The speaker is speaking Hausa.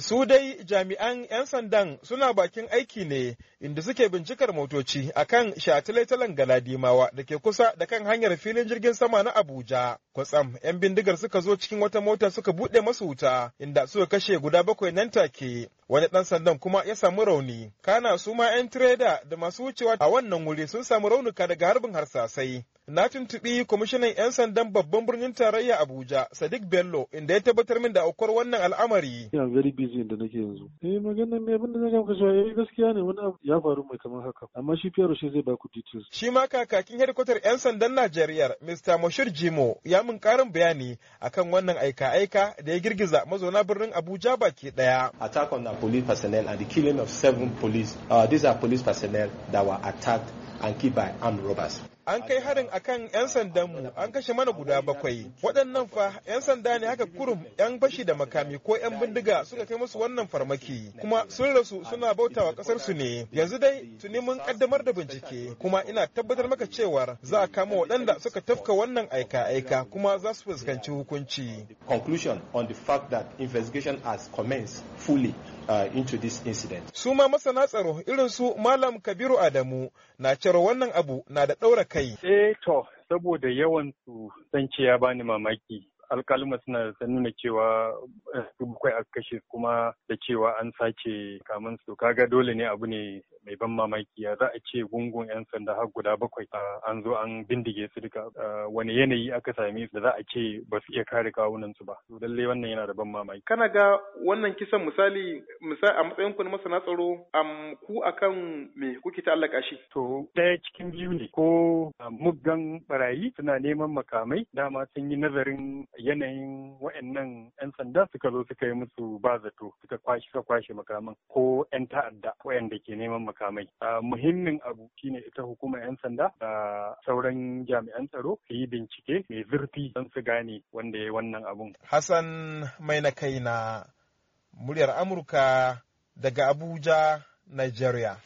Su dai jami'an 'yan sandan suna bakin aiki ne inda suke bincikar motoci a kan shatilaitalan galadimawa da ke kusa da kan hanyar filin jirgin sama na Abuja. Kwatsam 'yan bindigar suka zo cikin wata mota suka buɗe masu wuta inda suka kashe guda bakwai nan take. Wani ɗan sandan kuma ya samu rauni. Kana su ma 'yan tireda da masu wucewa a wannan wuri sun samu raunuka daga harbin harsasai. Na tuntuɓi kwamishinan 'yan sandan babban birnin tarayya Abuja, Sadiq Bello, inda ya tabbatar min da aukuwar wannan al'amari. Ina very busy inda nake yanzu. Eh magana me abin da zan gamka shi, yayi eh, gaskiya ne wani abu ya faru mai kamar haka. Amma shi Fiyaro shi zai baku details. Shi ma kakakin hedikwatar 'yan sandan Najeriya, Mr. mashir Jimo, ya min karin bayani akan wannan aika-aika da ya girgiza mazauna birnin Abuja baki ɗaya. Attack on the police personnel and the killing of seven police. Uh, these are police personnel that were attacked and killed by armed robbers. an kai harin akan 'yan sandanmu an kashe mana guda bakwai waɗannan fa 'yan sanda ne haka kurum 'yan bashi da makami ko 'yan bindiga suka kai musu wannan farmaki kuma sun rasu suna bautawa ƙasar su ne yanzu dai tuni mun kaddamar da bincike kuma ina tabbatar maka cewar za a kama waɗanda suka tafka wannan aika-aika kuma za su fuskanci hukunci conclusion on the fact that investigation has commenced fully uh, into this incident. suma masana tsaro irin su Malam Kabiru Adamu na cewa wannan abu na da ɗaura kai. Eh to, saboda yawan su san ya bani mamaki alkaluma suna ta nuna cewa bakwai eh, a kashe kuma da cewa an sace kamun su kaga dole ne abu ne mai ban mamaki ya za a ce gungun yan sanda har guda bakwai an zo an bindige su duka wani yanayi aka same da za a ce ba su iya kare kawunan su ba to lalle wannan yana da ban mamaki kana ga wannan kisan misali misali a matsayin ku na masana tsaro am ku akan me kuke ta'allaka shi to daya cikin biyu ne ko muggan barayi suna neman makamai dama sun yi nazarin yanayin wa'annan 'yan sanda suka zo suka yi musu ba zato suka kwashe suka kwashe makaman ko 'yan ta'adda wa'anda ke neman makamai muhimmin abu shine ita hukumar 'yan sanda da sauran jami'an tsaro su yi bincike mai zurfi don su gane wanda ya yi wannan abun hassan mai na kai na muryar amurka daga abuja nigeria